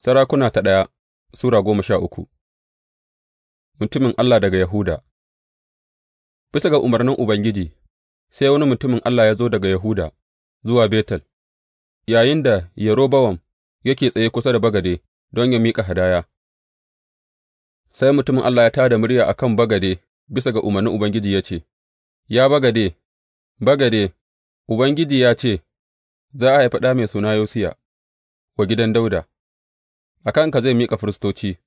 Sarakuna ta ɗaya Sura goma sha uku Mutumin Allah daga Yahuda Bisa ga umarnin Ubangiji, sai wani mutumin Allah ya zo daga Yahuda zuwa Betel, da Yerobowam yake tsaye kusa da bagade don ya miƙa hadaya, sai mutumin Allah ya tada murya a kan bagade bisa ga umarnin Ubangiji ya ce, Ya bagade, bagade, Ubangiji ya ce, Za a haifi ɗa mai suna Yosiya wa gidan Dauda. a kanka zai miƙa firistoci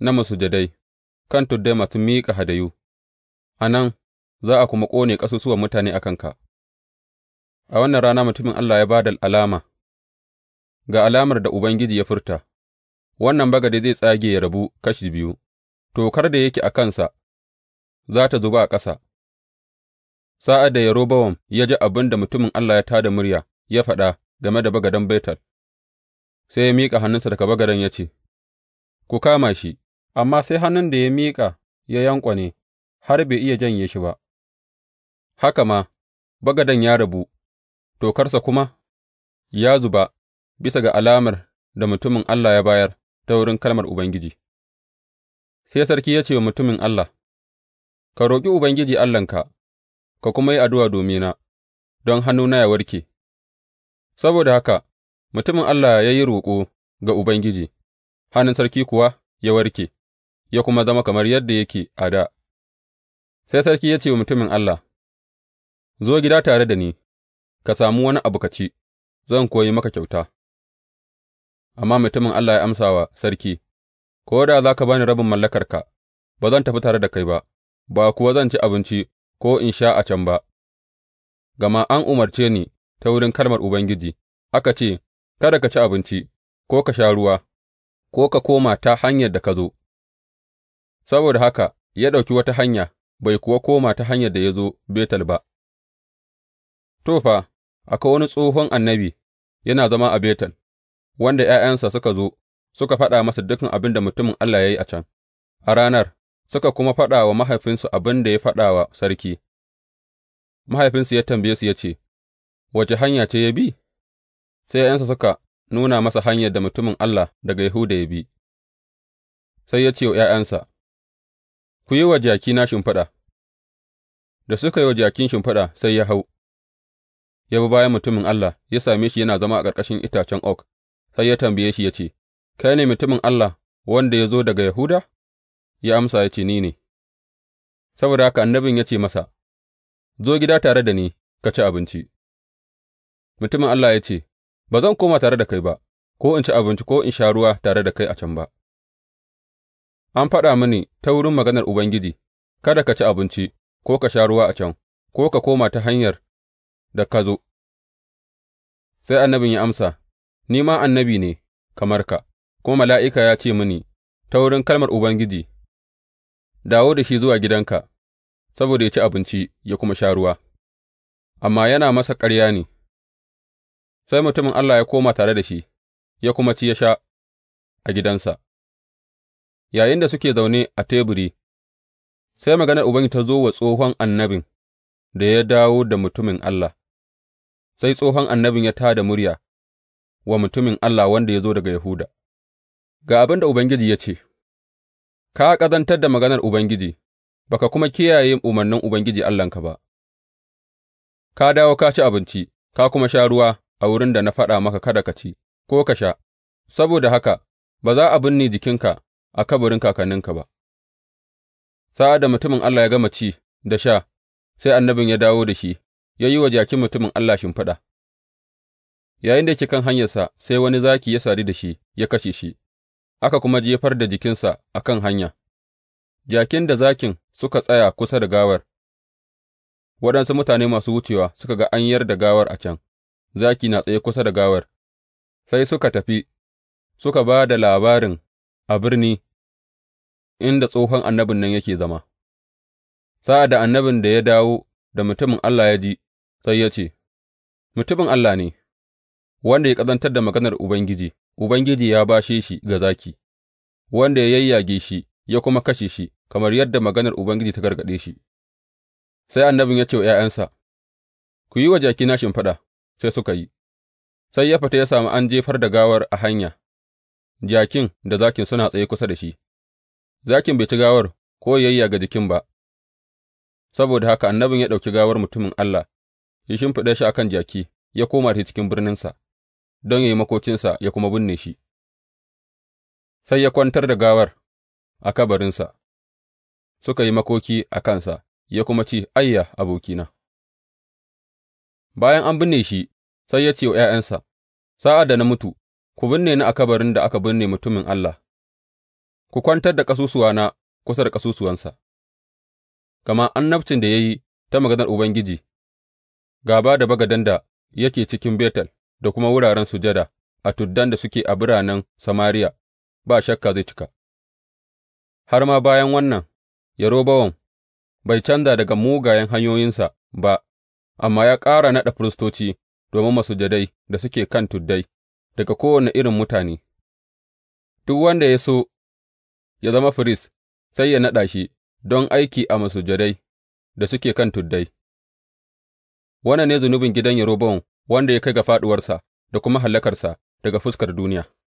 na masujadai kan tuddai masu miƙa hadayu, a nan za a kuma ƙone ƙasusuwan mutane a kanka. A wannan rana mutumin Allah ya ba da alama, ga alamar da Ubangiji ya furta, wannan bagade zai tsage ya rabu kashi biyu, tokar da yake a kansa za ta zuba a ƙasa. Sa'ad da Yerobowam ya ji abin da mutumin Allah ya tā murya ya faɗa game da bagaden Betel, sai ya miƙa hannunsa da kabagaren ya ce, Ku kama shi, amma sai hannun da ya miƙa ya yanƙwane har bai iya janye shi ba, haka ma, bagaden ya rabu, tokarsa kuma ya zuba bisa ga alamar da mutumin Allah ya bayar ta wurin kalmar Ubangiji. Sai sarki ya ce wa mutumin Allah, Ka roƙi Ubangiji Allahnka, ka kuma yi addu'a domina, don hannuna ya warke, saboda haka Mutumin Allah ya yi roƙo ga Ubangiji, hannun sarki kuwa ya warke, ya kuma zama kamar yadda yake a da. Sai sarki ya ce wa mutumin Allah, Zo gida tare da ni, ka sami wani abu ka ci, zan kuwa yi maka kyauta. Amma mutumin Allah ya amsa wa sarki, Ko da za ka ba ni rabin mallakarka, ba zan tafi tare da kai ba, ba kuwa zan ci abinci ko in sha a can ba, gama an umarce ni ta wurin kalmar Ubangiji, aka ce, kada ka ci abinci, ko ka sha ruwa, ko ka koma ta hanyar da ka zo, saboda haka ya ɗauki wata hanya, bai kuwa koma ta hanyar da ya zo Betel ba. Tofa, fa, akwai wani tsohon annabi yana zama a Betel, wanda ’ya'yansa suka zo suka faɗa masa dukan abin da mutumin Allah ya yi a can, a ranar suka kuma faɗa wa mahaifinsu abin da ya faɗa wa sarki. Mahaifinsu ya tambaye su ya ce, Wace hanya ce ya bi? sai yansa suka nuna masa hanyar da mutumin Allah daga Yahuda ya bi, sai ya ce wa ’ya'yansa, Ku yi wa jakina shimfiɗa, da suka yi wa jakin shimfiɗa sai ya hau, ya bi bayan mutumin Allah, ya same shi yana zama a ƙarƙashin itacen oak, sai ya tambaye shi ya ce, Kai ne mutumin Allah wanda ya zo daga Yahuda? Ya amsa ya ce, Ni ne. Saboda haka annabin ya ce masa, Zo gida tare da ni, ka ci abinci. Mutumin Allah ya ce, Ba zan koma tare da kai ba, ko in ci abinci ko in sha ruwa tare da kai a can ba. An faɗa mini ta wurin maganar Ubangiji, Kada ka ci abinci, ko ka sha ruwa a can, ko ka koma ta hanyar da ka zo. Sai annabin ya amsa, Ni ma annabi ne, kamar ka, kuma mala'ika ya ce mini, Ta wurin kalmar Ubangiji, dawo da shi zuwa gidanka, saboda ya ci abinci ya kuma sha ruwa, amma yana masa ƙarya ne. sai mutumin Allah ya koma tare da shi, ya kuma ci ya sha a gidansa. Yayin da suke zaune a teburi, sai maganar Ubangiji ta zo wa tsohon annabin da ya dawo da mutumin Allah, sai tsohon annabin ya tā da murya wa mutumin Allah wanda ya zo daga Yahuda. Ga abin da Ubangiji ya ce, Ka ƙazantar da maganar Ubangiji, ba ka kuma kiyaye umarnin Ubangiji Allahnka ba, ka dawo ka ci abinci, ka kuma sha ruwa a wurin da na faɗa maka kada ka ci ko ka sha, saboda haka ba za a binne jikinka a kabarin kakanninka ba. Sa'ad da mutumin Allah ya gama ci da sha, sai annabin ya dawo da shi, ya yi wa jakin mutumin Allah shimfiɗa. Yayinda yake kan hanyarsa, sai wani zaki ya sadu da shi, ya kashe shi, aka kuma jefar da jikinsa a kan hanya. Jakin da zakin suka tsaya kusa da gawar, waɗansu mutane masu wucewa suka ga an yar da gawar a can, zaki na tsaye kusa da gawar, sai suka tafi suka ba da labarin a birni inda tsohon annabin nan yake zama. Sa'ad da annabin da ya dawo da mutumin Allah ya ji, sai ya ce, Mutumin Allah ne, wanda ya kazantar da maganar Ubangiji, Ubangiji ya bashe shi ga zaki, wanda ya yayyage shi ya kuma kashe shi, kamar yadda maganar Ubangiji ta gargaɗe shi. Sai annabin ya ce wa ’ya'yansa, Ku yi wa jaki jakina shimfiɗa. sai suka yi, sai ya fita ya sami an jefar da gawar a hanya, jakin da zakin suna tsaye kusa da shi, zakin bai ci gawar ko yayya ga jikin ba, saboda haka annabin ya ɗauki gawar mutumin Allah, ya shimfiɗa shi akan jaki, ya koma da cikin birninsa, don ya yi makocinsa ya kuma binne shi. Sai ya kwantar da gawar a kabarinsa, suka yi makoki a kansa, ya kuma ci, Ayya, abokina. Bayan an binne shi, sai ya ce wa ’ya'yansa, Sa'ad da na mutu, ku binne ni a kabarin da aka binne mutumin Allah, ku kwantar da ƙasusuwana kusa da ƙasusuwansa, gama annabcin da ya yi ta maganar Ubangiji, gaba da bagaden da yake cikin Betel da kuma wuraren sujada a tuddan da suke a biranen Samariya, ba shakka zai cika. Har ma bayan wannan, Yerobowam bai canza daga mugayen hanyoyinsa ba, amma ya ƙara naɗa firistoci domin masujadai da suke kan tuddai daga kowane irin mutane, duk wanda ya so ya zama firist sai ya naɗa shi don aiki a masujadai da suke kan tuddai. Wannan ne zunubin gidan Yerobowam wanda ya kai ga fāɗuwarsa da kuma hallakarsa daga fuskar duniya.